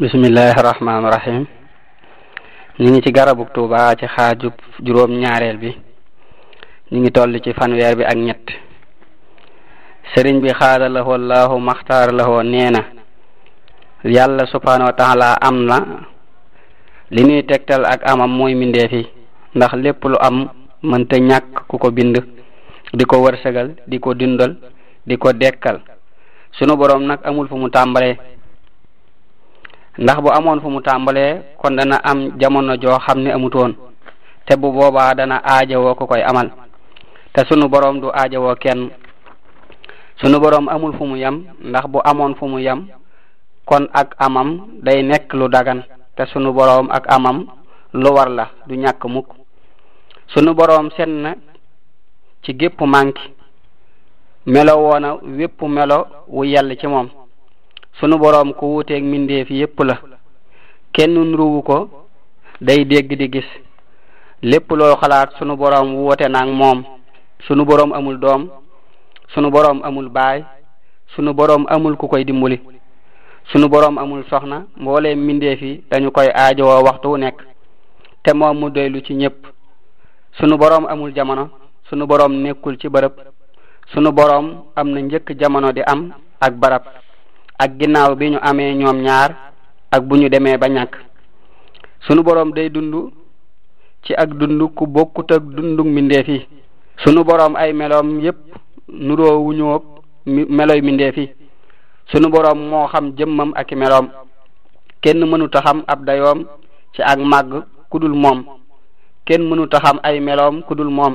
bismillahi rahmaani rahim ñu ngi ci garabug Tuuba ci xaajub juróom ñaareel bi ñu ngi toll ci fanweer bi ak ñett sëriñ bi xaada lahoo allahu maxtaar lahoo nee na yàlla subhaanahu wa am na li nuy tegtal ak amam mooy mindeefi ndax lépp lu am mënta ñàkk ku ko bind di ko wërsëgal di ko dundal di ko dekkal sunu boroom nag amul fu mu tàmbalee ndax bu amoon fu mu tàmbalee kon dana am jamono joo xam ne amutoon te bu boobaa dana aajawoo ko koy amal te sunu boroom du aajawoo kenn sunu boroom amul fu mu yem ndax bu amoon fu mu yem kon ak amam day nekk lu dagan te sunu boroom ak amam lu war la du ñàkk mukk sunu boroom set na ci gépp manki melo woona wépp melo wu yell ci moom sunu borom ku wuuteeg mbindeef yépp la kenn nuruwu ko day dégg di gis lépp loo xalaat sunu borom woote naag moom sunu borom amul doom sunu boroom amul baay sunu boroom amul ku koy dimbali sunu borom amul soxna mbooleem mbindeef yi dañu koy aajowoo waxtu wu nekk te moom mu doylu ci ñépp sunu boroom amul jamono sunu borom nekkul ci bërëb sunu boroom am na njëkk jamono di am ak barab ak ginnaaw bi ñu amee ñoom ñaar ak bu ñu demee ba ñàkk sunu boroom day dund ci ak dund ku bokkut ak dundu mbindeef sunu boroom ay meloom yépp nuroo wuñu meloy mbindeef sunu boroom moo xam jëmmam ak i meloom kenn mënut a xam ab dayoom ci ak màgg ku dul moom kenn mënut xam ay meloom ku moom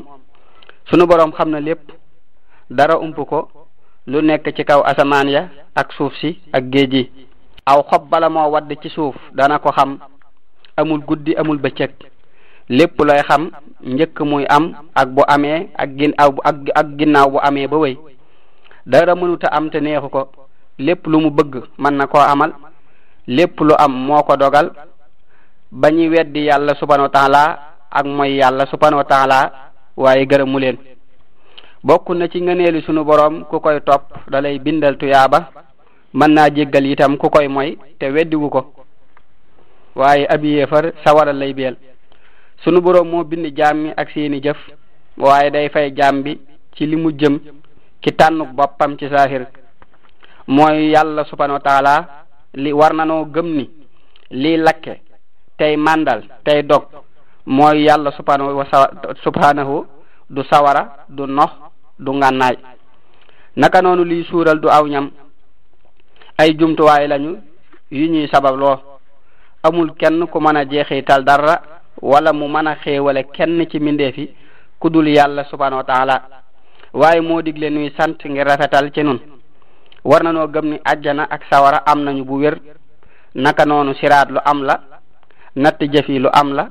sunu boroom xam na lépp dara ump lu nekk ci kaw asamaan ya ak suuf si ak géej yi aw xob bala moo wadd ci suuf dana ko xam amul guddi amul bëccëg lépp looy xam njëkk muy am ak bu amee ak gin ginnaaw bu amee ba wéy dara mënuta am te neexu ko lépp lu mu bëgg mën na ko amal lépp lu am moo ko dogal ba ñuy weddi yàlla subhanahu wa taala ak mooy yàlla subhanahu wa taala waaye gërëmu leen bokk na ci ngëneelu sunu boroom ku koy topp dalay bindal tuyaaba mën naa jéggal itam ku koy moy te weddiwu ko waaye ab sawara lay beel sunu boroom moo bind jaam mi ak seeni jëf waaye day fay jaam bi ci li mu jëm ki tànnuk boppam ci saahir mooy yàlla subhanahu wa li war nanoo gëm ni lii lakke tey màndal tey dog mooy yàlla subhanahu wa subhanahu du sawara du nox du ngànnaay naka noonu liy suural du aw ñam ay jumtuwaay lañu yu ñuy sababloo amul kenn ku mën a jeexital dara wala mu mën a xéewale kenn ci mbindeef ku dul yàlla subhanahu wa waaye moo digle nuy sant ngir rafetal ci nun war na noo gëm ni ajjana ak sawara am nañu bu wér naka noonu siraat lu am la natt jëf yi lu am la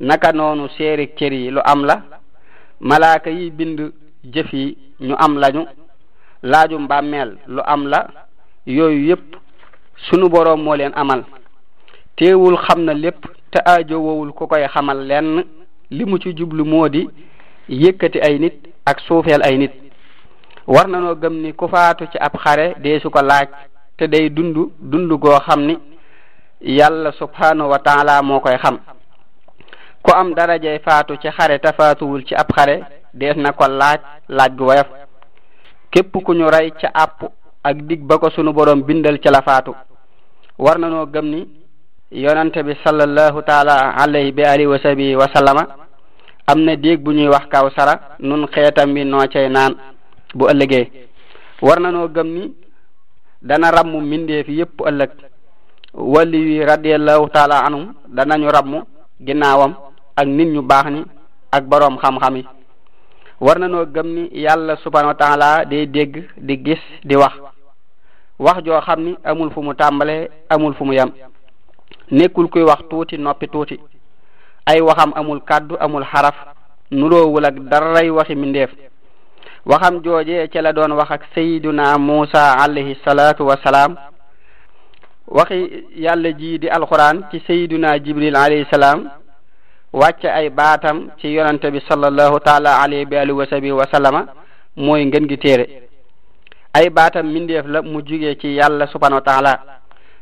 naka noonu seerik cër yi lu am la malaaka yi bind jëf yi ñu am lañu laaju mbàmmeel lu am la yooyu yëpp sunu boroom moo leen amal teewul xam na lépp te aajowowul ku koy xamal leen limu ci jublu moo di yëkkati ay nit ak suufeel ay nit war na noo gëm ni ku faatu ci ab xare dee su ko laaj te day dund dund goo xam ni yàlla subhanahu wa moo koy xam ku am darajay faatu ci xare te faatuwul ci ab xare dees na ko laaj laaj gu woyof képp ku ñu rey ca àpp ak dig ba ko sunu boroom bindal ca la war na noo gëm ni yonante bi sallallahu taala alayhi bi alihi wa sabi am na déeg bu ñuy wax kaw sara nun xeetam bi noo cay naan bu ëllëgee war na noo gëm ni dana rammu mbindeef yépp ëllëg wali wi radiallahu taala anhum danañu rammu ginnaawam ak nit ñu baax ñi ak boroom xam-xam yi war na gëm ni yàlla subhanahu wa taala day dégg di gis di wax wax joo xam ni amul fu mu tàmbale amul fu mu yem nekkul kuy wax tuuti noppi tuuti ay waxam amul kàddu amul xaraf nuroowul ak daray waxi mindeef waxam jooje ca la doon wax ak sayyiduna Muusa alayhi salaatu wa waxi yàlla ji di alquran ci sayyiduna Jibril alayhi salaam wàcce ay baatam ci yonante bi sallallahu taala alayhi bi alihi wa sahbihi mooy ngën gi téere ay baatam mindeef la mu jugee ci yàlla subhanahu wa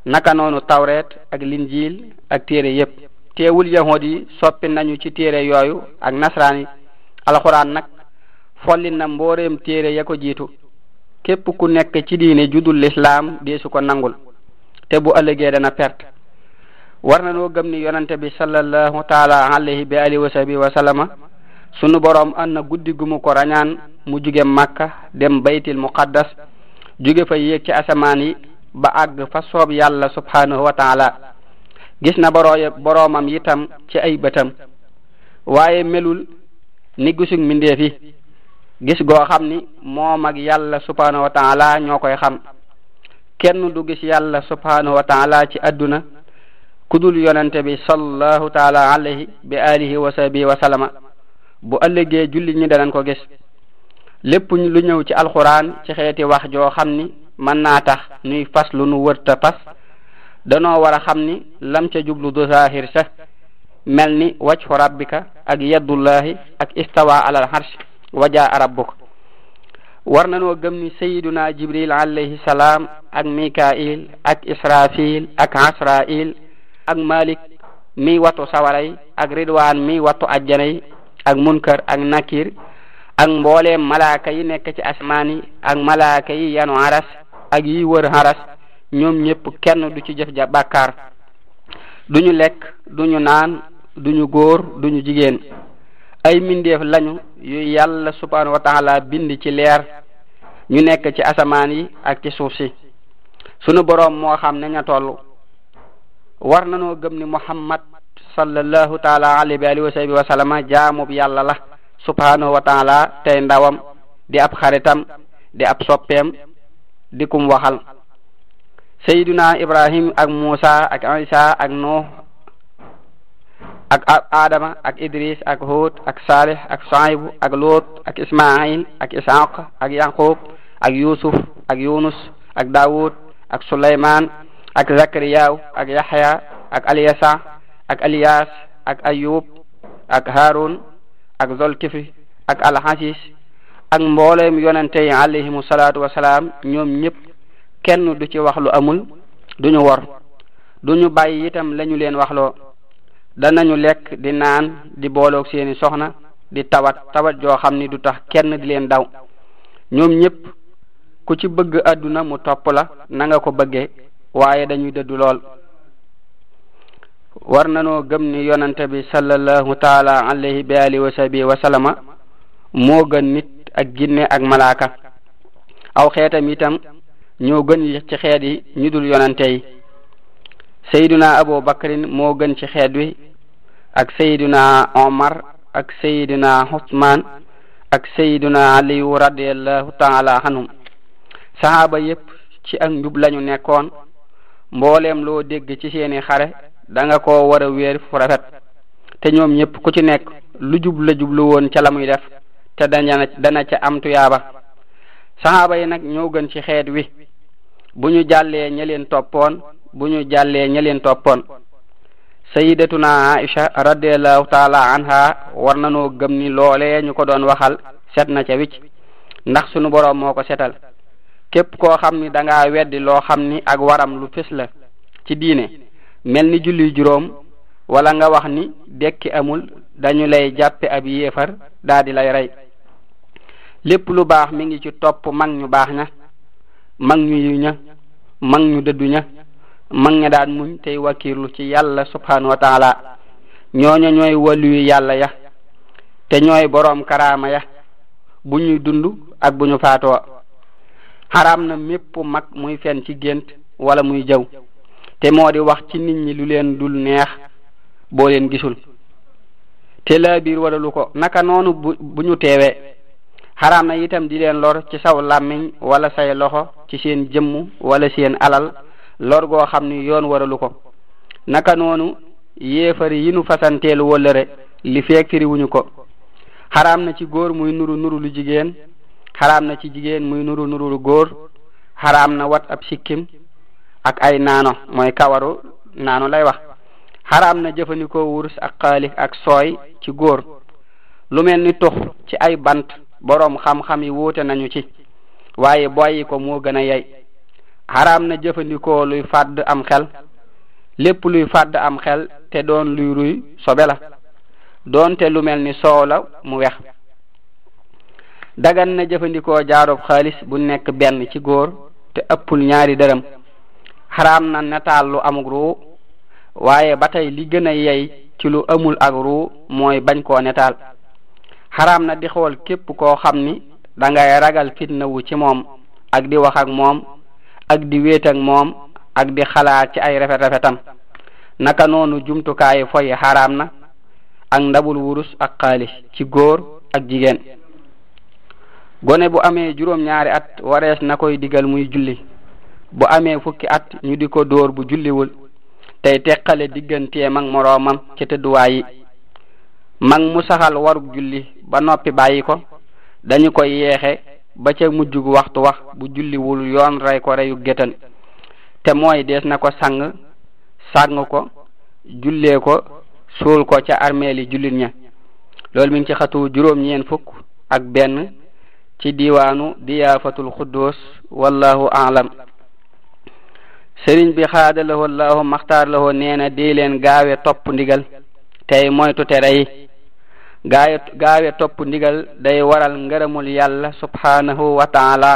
naka noonu tawreet ak linjiil ak téere yépp teewul yahood yi soppi nañu ci téere yooyu ak nasraan yi alxuraan nag folli na mbooreem téere ya ko jiitu képp ku nekk ci diine judul lislaam deesu ko nangul te bu ëllëgee dana perte war na noo gëm ni yonante bi sallallahu taala alayhi bi alihi wa sahbi wa sallama boroom an na guddi gu mu ko rañaan mu juge makka dem baytil muqaddas juge fa yéeg ci asamaan yi ba àgg fa soob yàlla subhanahu wa taala gis na borooy boroomam itam ci ay bëtam waaye melul ni gisug mbindeef yi gis goo xam ni moo mag yàlla subhanahu wa ñoo koy xam kenn du gis yàlla subhanahu wa ci àdduna kudul yonente bi sallallahu taala alayhi bi alihi wa sahbihi wa sallama bu ñi danañ ko gis lépp lu ñëw ci alxuraan ci xeeti wax joo xam ni man naa tax nuy fas lu nu wërta fas danoo war a xam ni lam ca jublu du zahir sax mel ni wajhu rabbika ak yaddullahi ak istawa alal harsh wajaa rabbuk war nanoo gëm ni sayiduna jibril alayhi salaam ak mikail ak israfil ak asrail ak malik mi wattu sawaray ak ridwaan mi wattu ajjanay ak munkar ak nakir ak mboole malaaka yi nekk ci asmaan yi ak malaaka yi yanu aras ak yi wër aras ñoom ñépp kenn du ci jëf ja bàkkaar duñu lekk duñu naan duñu góor duñu jigéen ay mbindeef lañu yu yàlla subhanahu wa bind ci leer ñu nekk ci asamaan yi ak ci suuf si sunu boroom moo xam ne ña toll war nanoo gëm ni muhammad sallallahu taala alayhi wa alihi wa sahbihi wa sallama jaamub yàlla la subhanahu wa taala tey ndawam di ab xaritam di ab soppeem di kum waxal sayduna ibrahim ak muusa ak isa ak nuux ak adama ak idris ak hud ak salih ak shaibu ak lot ak ismail ak ishaq ak yaqub ak yusuf ak yunus ak daawud ak suleyman ak zakariyaw ak yahya ak alyasa ak aliyas ak ayub ak harun ak zolkifli ak alhasis ak mboolem yonente yi alayhimu salaatu wasalaam ñoom ñëpp kenn du ci wax lu amul duñu wor ñu bàyyi itam lañu leen waxloo danañu lekk di naan di booloog seeni soxna di tawat tawat joo xam ni du tax kenn di leen daw ñoom ñëpp ku ci bëgg àdduna mu topp la na nga ko bëggee waaye dañuy dëddu lool war nanoo gëm ni yonante bi sallallahu taala alayhi bi alihi wa sahbihi moo gën nit ak ginne ak malaaka aw xeetam itam ñoo gën ci xeet yi ñu dul yonante yi sayduna abu bakrin moo gën ci xeet wi ak sayduna omar ak sayduna usman ak sayduna aliyu radiallahu taala anhum sahaaba yépp ci ak njub lañu nekkoon mbooleem loo dégg ci seeni xare danga ko koo war a wéer fu rafet te ñoom ñëpp ku ci nekk lu jubla la jublu woon ca la muy def te dana dana ca am tuyaaba saxaaba yi nag ñoo gën ci xeet wi bu ñu jàllee ña leen toppoon bu ñu jàllee ña leen toppoon sayidatuna aisha radiallahu taala anha war nanoo gëm ni loole ñu ko doon waxal set na ca wicc ndax sunu boroom moo ko setal képp koo xam ni danga wedd loo xam ni ak waram lu fis la ci diine mel ni julli juróom wala nga wax ni dekki amul dañu lay jàppe ab yéefar daa di lay rey lépp lu baax mi ngi ci topp mag ñu baax ña mag ñu yiw ña mag ñu dëddu ña mag ña daan muñ tey wakiirlu ci yàlla subhanahu wa taala ñooy waliyu yàlla ya te ñooy boroom karaama ya bu ñuy dund ak bu ñu faatoo xaraam na mépp mag muy fen ci gént wala muy jëw te moo di wax ci nit ñi lu leen dul neex boo leen gisul te laa biir ko naka noonu bu bu ñu teewee xaraam na itam di leen lor ci saw làmmiñ wala say loxo ci seen jëmm wala seen alal lor goo xam ni yoon waralu ko naka noonu yéefari yi nu fasanteelu wëllëre li feek firiwuñu ko xaraam na ci góor muy nuru nuru lu jigéen xaraam na ci jigéen muy nuru nurulu góor xaraam na wat ab sikkim ak ay naano mooy kawaru naano lay wax xaraam na jëfandikoo wurus ak xaalis ak sooy ci góor lu mel ni tux ci ay bant boroom xam-xam yi wuute nañu ci waaye boyyi ko moo gën a yey xaraam na jëfandikoo luy fàdd am xel lépp luy fàdd am xel te doon luy ruy sobe la doonte lu mel ni soow la mu wex dagan na jëfandikoo jaaroob xaalis bu nekk benn ci góor te ëppul ñaari dërëm xaraam na nataal lu amug ruu waaye ba tey li gën a yey ci lu amul ak ruu mooy bañ koo netaal xaraam na di xool képp koo xam ni dangay ragal fitna wu ci moom ak di wax ak moom ak di wéet moom ak di xalaat ci ay rafet rafetam naka noonu jumtukaayu foy xaraam na ak ndabul wurus ak xaalis ci góor ak jigéen gone bu amee juróom-ñaari at warees na koy digal muy julli bu amee fukki at ñu di ko dóor bu julliwul tey teqale digganteem mag moroomam ci tëdduwaay yi mag mu saxal warug julli ba noppi bàyyi ko dañu koy yeexe ba ca mujjug waxtu wax bu julliwul yoon rey ko reyu gétan te mooy dees na ko sang sàng ko jullee ko suul ko ca armeeli jullit ña loolu mi ngi ci xatu juróom-ñeen fukk ak benn ci diiwaanu diyaafatul xuddoos wallahu aalam sëriñ bi xaadala woo laahu maxtaar la woo nee leen gaawe topp ndigal tey moytu tere gaawe topp ndigal day waral ngërëmul yàlla subhanahu wa taala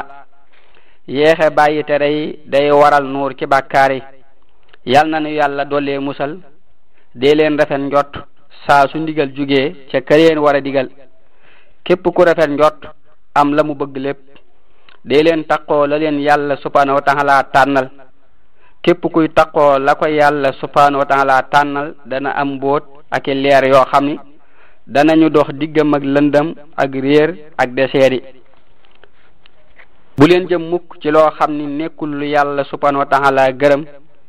yéexe bàyyi tere yi day waral nuur ci bàkkaar nu yàlla doole musal dee leen rafet njot saa su ndigal jugee ca ka leen war ku rafet njot am la mu bëgg lépp dee leen taqoo la leen yàlla subhanahu wa taala tànnal képp kuy taqoo la ko yàlla subhanahu wa taala tànnal dana am mbóot ak leer yoo xam ni danañu dox diggam ak lëndam ak réer ak deseer bu leen jëm mukk ci loo xam ni nekkul lu yàlla subhanahu wa taala gërëm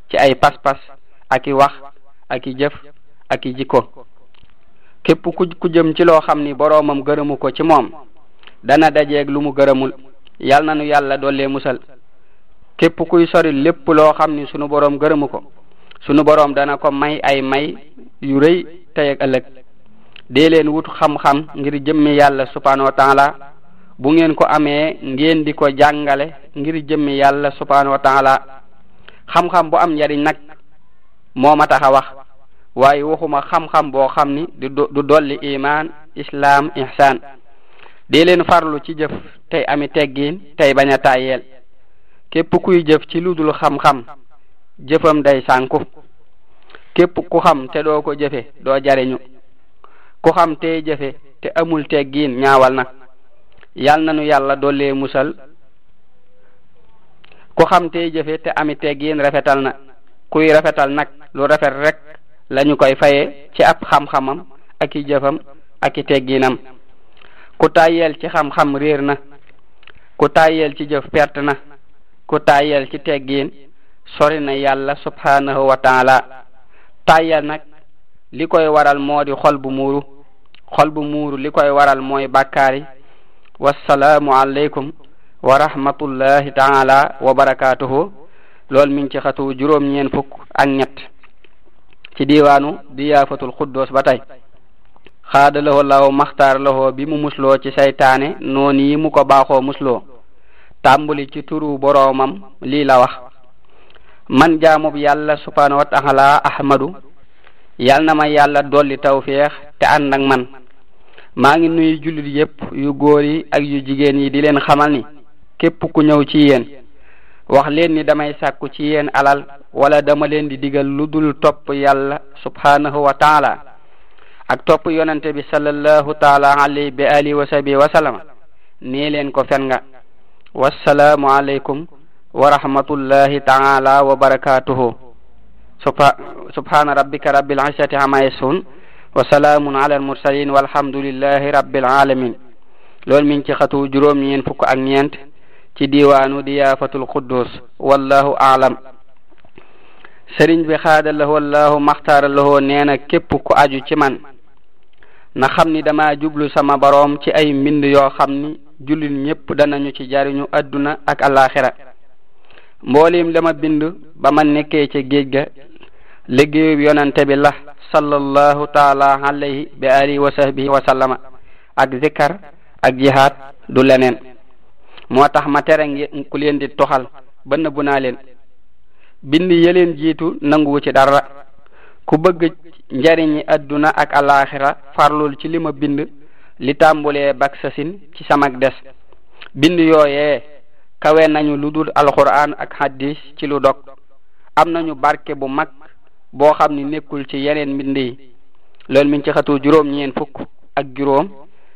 ci ay pas-pas ak i wax ak i jëf ak i jikko képp ku jëm ci loo xam ni boroomam gërëmu ko ci moom dana dajeeg lu mu gërëmul yal na nu yàlla doole musal képp kuy sori lépp loo xam ni sunu boroom gërëmu ko sunu boroom dana ko may ay may yu rëy tey ak ëllëg dee leen wut xam-xam ngir jëmmi yàlla subhanahu wa bu ngeen ko amee ngeen di ko jàngale ngir jëmmi yàlla subhanahu wa taala xam-xam bu am njariñ nag moo ma tax a wax waaye waxuma xam-xam boo xam ni du dolli iman islam ihsan di leen farlu ci jëf tey ami teggiin tey bañ a képp kuy jëf ci lu dul xam-xam jëfam day sànku képp ku xam te doo ko jëfe doo jariñu ku xam tey jëfe te amul teggiin ñaawal na yal na nu yàlla dollee musal ku xam tey jëfe te ami teggiin rafetal na kuy rafetal nag lu rafet rek lañu koy faye ci ab xam-xamam ak i jëfam ak i teggiinam ku tàyyeel ci xam-xam réer na ku tàyyeel ci jëf perte na ku tàyyeel ci teggiin sori na yàlla subhanahu wa taala tàyyeel nag li koy waral moo di bu muuru xol bu muuru li koy waral mooy bakkaari wassalaamu aleykum wa rahmatullahi taala wa barakaatuhu loolu mi ngi ci xatu juróom ñeen fukk ak ñett ci diiwaanu diyaafatul xuddoos ba tey xaada lahoo law maxtaar lahoo bi mu musloo ci seytaane noonu yi mu ko baaxoo musloo tàmbuli ci turu boroomam lii la wax man jaamub yàlla subhaanahu wa taala ahmadu yal na ma yàlla dolli tawféex te ànd ak man maa ngi nuyu jullit yépp yu góor yi ak yu jigéen yi di leen xamal ni képp ku ñëw ci yéen wax leen ni damay sàkku ci yéen alal wala dama leen di diggal lu dul topp yàlla subhaanahu wa ak topp yonante bi sallallahu taala alayhi bi alihi wa sahbihi wa ko fen nga wassalaamu aleykum wa taala wa barakatuhu subha subhana rabbika rabbil izzati amma yasifun wa salaamun ala al mursalin ci xatu juróom ñeen fukk ak ñeent ci diwaanu diyaafatul quddus wallahu aalam sëriñ bi xaada lahu wallahu maxtaara lahu nee na képp aju ci man na xam ni dama jublu sama boroom ci ay mbind yoo xam ni jullit ñépp danañu ci jariñu adduna ak alaxira mbooleem la ma bind ba ma nekkee ci géej ga liggéeyub yonante bi la sallallahu taala alayhi alihi wa sahbihi ak zikar ak jihaad du leneen moo tax ma tere ngeen ku leen di toxal ba nëbbu naa leen bind yeleen jiitu nanguwu ci dara ku bëgg njariñ njariñi adduna ak alaxira farlul ci lima bind li tàmbulee baksasin ci samak des bind yooyee kawe nañu lu dul alquran ak hadis ci lu dog am nañu barke bu mag boo xam ni nekkul ci yeneen mbind yi loolu mi ngi xatu juróom ñeen fukk ak juróom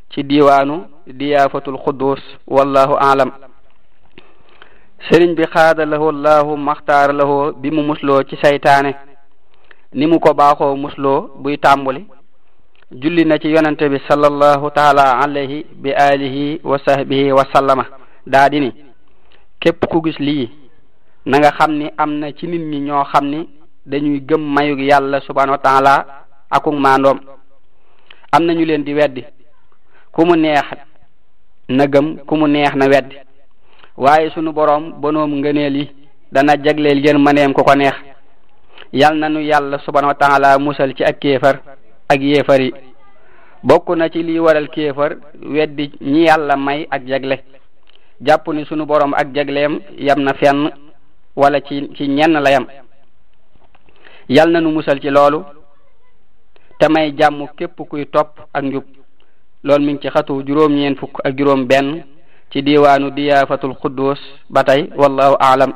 ci diiwaanu diyaafatul quddus wallahu alam sëriñ bi xaada lahu allahu maxtaar lahu bi mu musloo ci saytaane ni mu ko baaxoo musloo buy tàmbuli julli na ci yonente bi sallallahu taala alayhi bi alihi wa sahbihi wa képp ku gis lii na xam ni am na ci nit ñi ñoo xam ni dañuy gëm mayug yàlla subhanahu wa taala akug maandoom am na ñu leen di weddi ku mu neex na gëm ku mu neex na weddi waaye sunu boroom bonoom ngëneel yi dana jagleel yéen mëneem ku ko neex yal na nu yàlla subhanahu wa taala musal ci ak kéefar ak yéefar yi bokk na ci li waral kéefar weddi ñi yàlla may ak jagle jàpp ni sunu boroom ak jagleem yam na fenn wala ci ci ñenn la yal na nu musal ci loolu te may jàmm képp kuy topp ak njub loolu mi ngi ci xatu juróom-ñeen fukk ak juróom benn ci diwaanu diyaafatul quddus ba tey wallahu aalam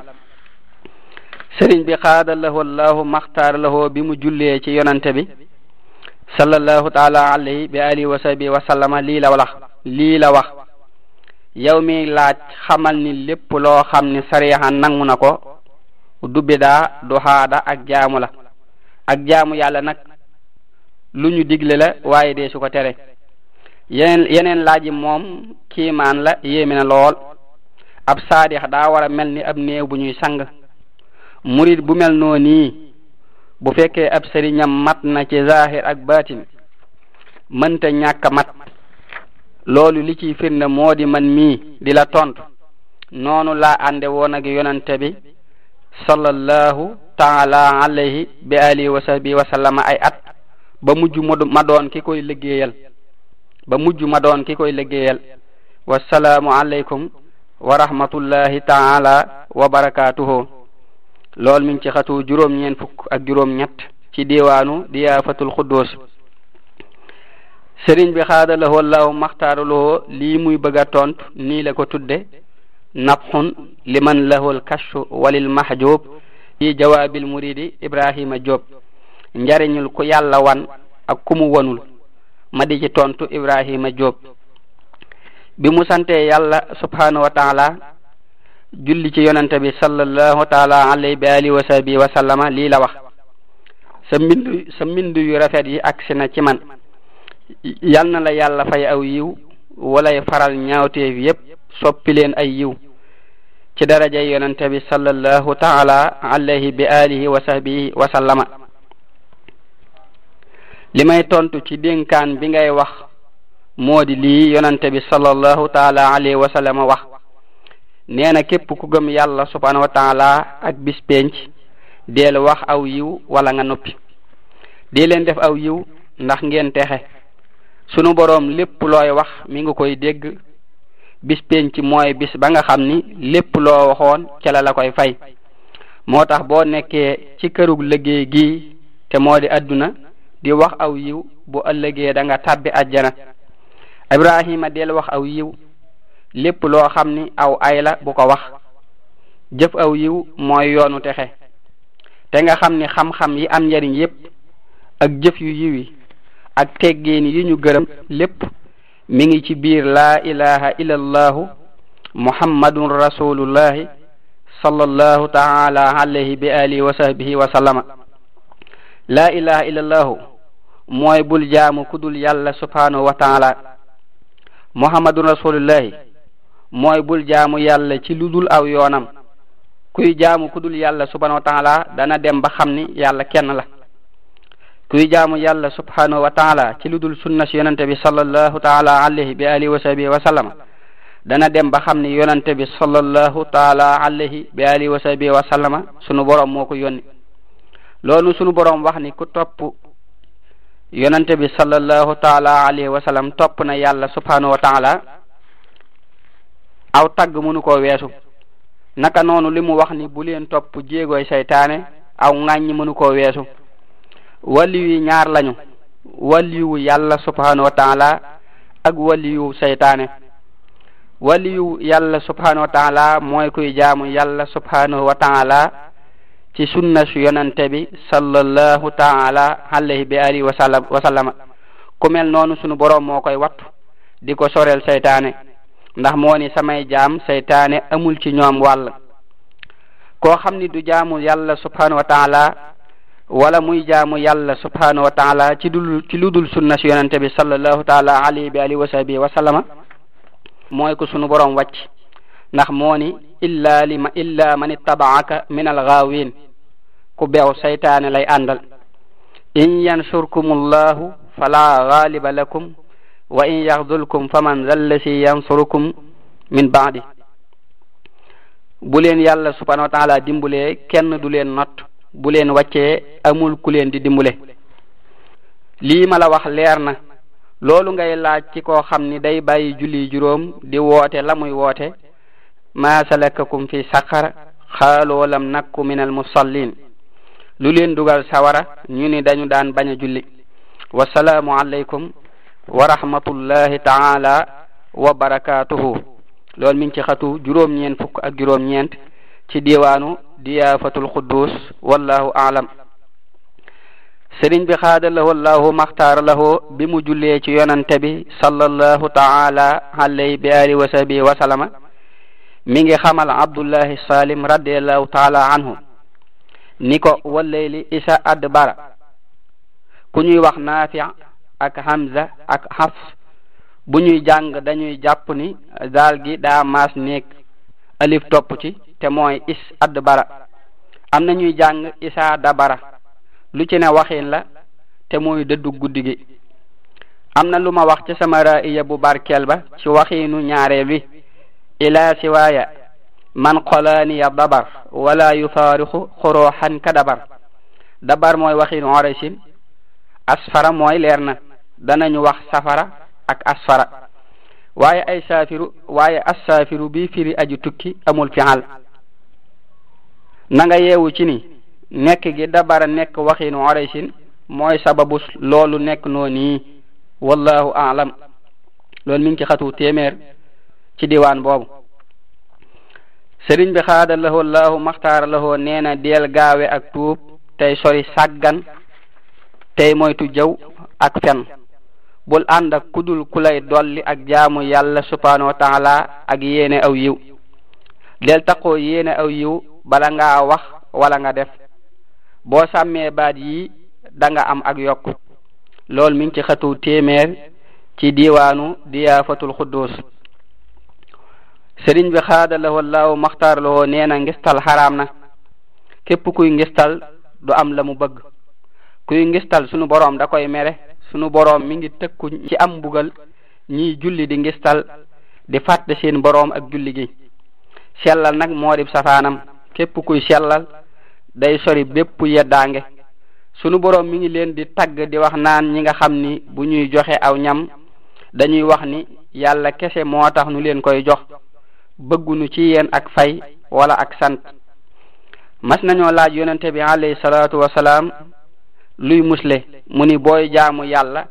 sëriñ bi xaada lahu allahu la lahu bi mu jullee ci yonante bi sallallahu taala alayhi bi alihi wa sahbi wa sallama lii la wax lii la wax yow mi laaj xamal ni lépp loo xam ni sariyaxan nangu na ko du bidaa du xaada ak jaamu la ak jaamu yàlla nag lu ñu digle la waaye dee su ko tere yeneen yeneen laaj yi moom kiimaan la yéeme na lool ab saadix daa war a mel ni ab new bu ñuy sang murid bu mel noo nii bu fekkee ab sëriñam mat na ci zahir ak baatin mënta ñàkk mat loolu li ciy firnde moo di man mii di la tontu noonu laa ànde woon ak yonante bi sallallahu taala alayhi bi alihi wa sahbi wa sallama ay at ba mujj ma ki koy liggéeyal ba mujj ma doon ki koy liggéeyal wassalaamu alaykum wa rahmatullahi taala wa barakaatuhu lool mi ngi ci xatu juróom-ñeen fukk ak juróom-ñett ci diwaanu diyaafatul xuddoos sëriñ bi xaada la wallahu maxtaara loo lii muy bëgg a tontu nii la ko tudde li man lahul kashfu walil mahjub fi jawaabil muridi ibrahima Diop njariñul ku yàlla wan ak ku wanul ma di ci tontu ibrahima Diop bi mu sante yàlla subhanahu wa julli ci yonante bi sallallahu taala alay bi ali wa sahbi wa lii la wax sa mbind sa mbind yu rafet yi aksi na ci man yal la yàlla fay aw yiw walay faral ñaawteef yépp soppi leen ay yiw ci daraja yonante bi sallallahu taala alayhi bi alihi wa sahbihi wa tontu ci dénkaan bi ngay wax moodi lii yonante bi sallallahu taala alayhi wa wax nee na képp ku gëm yàlla subhanahu wa taala ak bis penc wax aw yiw walla nga noppi dee leen def aw yiw ndax ngeen texe sunu boroom lépp looy wax mi ngi koy dégg bis penc mooy bis ba nga xam ni lépp loo waxoon ca la koy fay moo tax boo nekkee ci kërug liggéey gi te moo di àdduna di wax aw yiw bu ëllëgee da nga tàbbi ajjana ibrahima del wax aw yiw lépp loo xam ni aw ay la bu ko wax jëf aw yiw mooy yoonu texe te nga xam ni xam-xam yi am njariñ yépp ak jëf yu yiw ak teggeen yi ñu gërëm lépp mi ngi ci biir laa ilaha illallahu muhammadun rasulullahi sallallahu taala alayhi bi alihi wa sahbihi wa sallama laa ilaha illallahu mooy bul jaamu kudul yàlla subhanahu wa taala muhammadun rasulullahi mooy bul jaamu yàlla ci lu dul aw yoonam kuy jaamu ku dul yàlla subhanahu wa dana dem ba xam ni yàlla kenn la kuy jaamu yàlla subhanahu wa taala ci lu dul sunna si bi sallallahu taala dem ba xam ni yonante bi sallallahu taala alayhi sunu boroom moo ko yónni loolu sunu boroom wax ni ku topp yonante bi sallallahu taala alayhi wa sallam topp na yàlla subhanahu wa aw tagg mënu koo weesu naka noonu li mu wax ni bu leen topp jéegooy seytaane aw ŋàññi mënu koo weesu wali wi ñaar lañu wali wu yàlla subhanahu wa ak wali seytaane wali yu yàlla subhanahu wa taala mooy kuy jaamu yàlla subhanahu wa taala ci sunna su yonante bi sallallahu taala alayhi bi alihi wa sallam noonu sunu boroom moo koy wattu di ko soreel seytaane ndax moo ni samay jaam seytaane amul ci ñoom wàll koo xam ni du jaamu yàlla subhanahu wa taala wala muy jaamu yàlla subhanahu wa taala ci dul ci ludul sunna si yonente bi sallallahu taala alayhi bi alihi wa sahbihi wa sallama mooy ko sunu borom wàcc ndax moo ni illa lima illa man ittabaaka min algaawin ku beew seytaane lay àndal in yansurkum allahu fala gaaliba lakum wa in yaxdulkum faman dallasi yansurukum min baadi bu leen yàlla subhanahu wa taala kenn du leen not bu leen wàccee amul ku leen di dimbule lii ma wax leer na loolu ngay laaj ci koo xam ni day bàyyi julli juróom di woote la muy woote maa salakakum fi saqar xaaloo lam nakku min al musallin leen dugal sawara ñu ni dañu daan bañ a julli wasalaamu aleykum ورحمة الله تعالى وبركاته لول من تي خاتو جوروم نين فك اك جوروم نينت تي ديوانو ديافة القدوس والله اعلم سرين بخاد له الله مختار له بمجلية يوننتبي صلى الله تعالى عليه بآله وسبي وسلم من خمل عبد الله السالم رضي الله تعالى عنه نيكو والليل إساء أدبار كني وقت نافع ak hamza ak xaf bu ñuy jàng dañuy jàpp ni daal gi daa maas nekk alif topp ci te mooy is adbara am na ñuy jàng isaa dabara lu ci ne waxin la te mooy dëddu guddi gi am na lu ma wax ci sama ra'iya bu barkeel ba ci waxinu ñaareel wi ila siwaaya man qolaaniya dabar wala yufaarixu xorooxan ka dabar dabar mooy waxiinu orachin asfara mooy leer na danañu wax safara ak asfara waaye ay saafiru waaye assaafiru bi firi aji tukki amul fial na nga yeewu ci ni nekk gi dabara nekk waxinu oraysin mooy sababu loolu nekk noo nii wallahu alam loolu mi ci xatu téeméer ci diwaan boobu sëriñ bi xaada lahoo laahu maxtaara lahoo nee na deel gaawe ak tuub tey sori sàggan tey moytu jëw ak fen bul ànd ak kudul ku lay dolli ak jaamu yàlla subhanahu wa ak yéene aw yiw del taqoo yéene aw yiw bala ngaa wax wala nga def boo sàmmee baat yi danga am ak yokk loolu mi ngi ci xatu téeméer ci diiwaanu diyaafatul xudduus sëriñ bi xaadalawoo laaw maxtaar lawoo nee na ngistal xaraam na képp kuy ngistal du am la mu bëgg kuy ngistal sunu borom da koy mere sunu boroom mi ngi tëkku ci am mbugal ñiy julli di ngistal di fàtte seen boroom ak julli gi sellal nag moo di safaanam képp kuy sellal day sori bépp yeddaange sunu boroom mi ngi leen di tagg di wax naan ñi nga xam ni bu ñuy joxe aw ñam dañuy wax ni yàlla kese moo tax ñu leen koy jox bëgguñu ci yéen ak fay wala ak sant mas nañoo laaj yonente bi alayhi salaatu wasalaam luy musle mu ni booy jaamu yàlla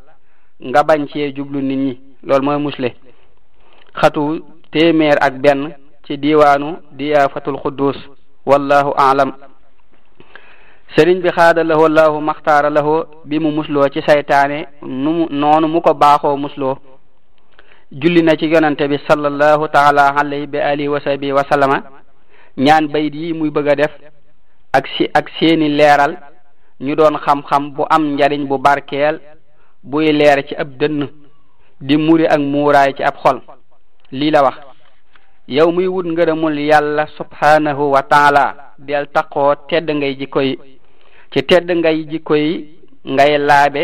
nga bañ cee jublu nit ñi loolu mooy musle xatu téeméer ak benn ci diiwaanu diyaafatul quddus wallahu aalam sëriñ bi xaada lahoo laahu maxtaara lahoo bi mu musloo ci seytaane nu mu noonu mu ko baaxoo musloo julli na ci yonante bi sallallahu taala alayhi bi alihi wa sahbihi ñaan bayit yi muy bëgg a def ak seeni leeral ñu doon xam-xam bu am njariñ bu barkeel buy leer ci ab dënn di muri ak muuraay ci ab xol lii la wax yow muy wut ngërëmul yàlla subhanahu wa taala del taqoo tedd ngay jikko yi tedd ngay jikko yi ngay laabe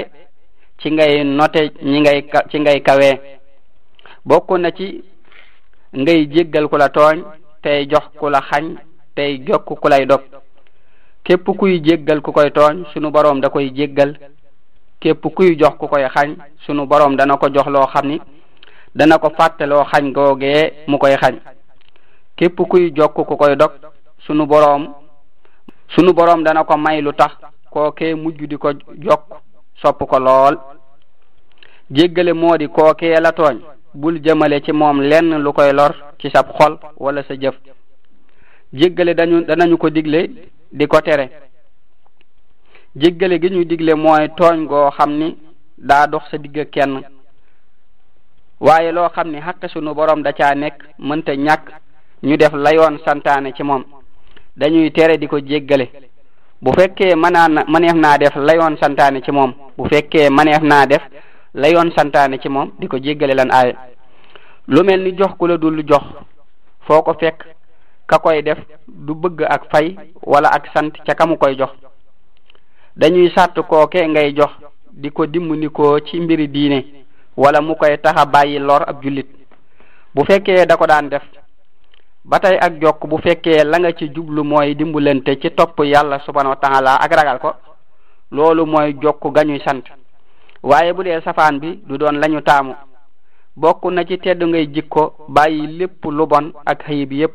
ci ngay note ci ngay kawee bokk na ci ngay jéggal ku la tooñ tey jox ku la xañ tey jokk ku lay dog képp kuy jéggal ku koy tooñ sunu boroom da koy jéggal képp kuy jox ku koy xañ sunu boroom dana ko jox loo xam ni dana ko fàttaloo xañ googee mu koy xañ képp kuy jokk ku koy dog sunu boroom sunu boroom dana ko may lu tax kookee mujj di ko jokk sopp ko lool jéggale moo di kookee la tooñ bul jëmale ci moom lenn lu koy lor ci sab xol wala sa jëf jéggale dañu danañu ko digle di ko tere jéggale gi ñuy digle mooy tooñ goo xam ni daa dox sa digg kenn waaye loo xam ni xaq sunu borom da caa nekk mënta ñàkk ñu def layoon santaane ci moom dañuy tere di ko jéggale bu fekkee mënaan mëneef naa def layoon santaane ci moom bu fekkee mëneef naa def layoon santaane ci moom di ko jéggale lan aaye lu mel ni jox ku la dul jox foo ko fekk ka koy def du bëgg ak fay wala ak sant ca kamu koy jox dañuy sàtt kooke ngay jox di ko dimbali ko ci mbiri diine walla mu koy taxa bàyyi lor ak jullit bu fekkee dako daan def ba tey ak jokk bu fekkee la nga ci jublu mooy dimbalante ci topp yàlla subhanahu wa taala ak ragal ko loolu mooy jokk gañuy sant waaye bu dee safaan bi du doon lañu taamu bokk na ci tedd ngay jikko bàyyi lépp lu ak xëyib yépp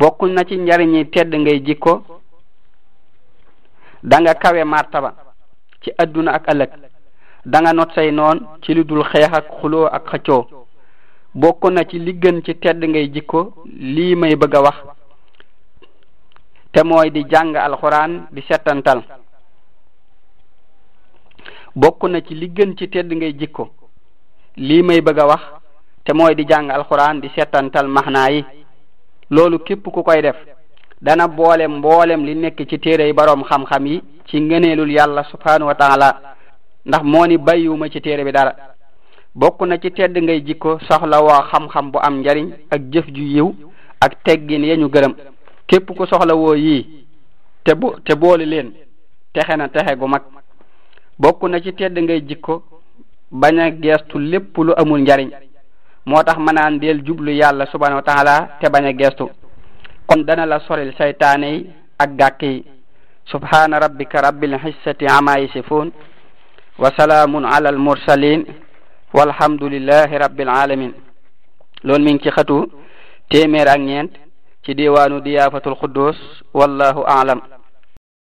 bokk na ci yi tedd ngay jikko da nga kawe martaba ci adduna ak ëllëg da nga not say noon ci lu dul xeex ak xuloo ak xëccoo bokk na ci li gën ci tedd ngay jikko lii may bëgg a wax te mooy di jàng alxuraan di setantal bokk na ci li gën ci tedd ngay jikko lii may bëgg a wax te di jàng di settantal maxnaa yi loolu képp ku koy def dana boole mboolem li nekk ci téere yi boroom xam-xam yi ci ngëneelul yàlla subhanahu wa taala ndax moo ni bàyyiwuma ci téere bi dara bokk na ci tedd ngay jikko soxla woo xam-xam bu am njariñ ak jëf ju yiw ak teggin ya ñu gërëm képp ku soxla woo yii te bo te boole leen texe na texe gu mag bokk na ci tedd ngay jikko bañ a geestu lépp lu amul njariñ moo tax ma naan del jublu yàlla subhanahu wa taala te bañ a gestu kon dana la sore saytaane yi ak gàkk yi subhana rabbika rabbil xissati ama yasifun wa salaamun ala al mursalin walhamdulillahi rabbil alamin loolu mi ngi ci xatu téeméer ak ñeent ci diwaanu diyaafatul quddus wallahu aalam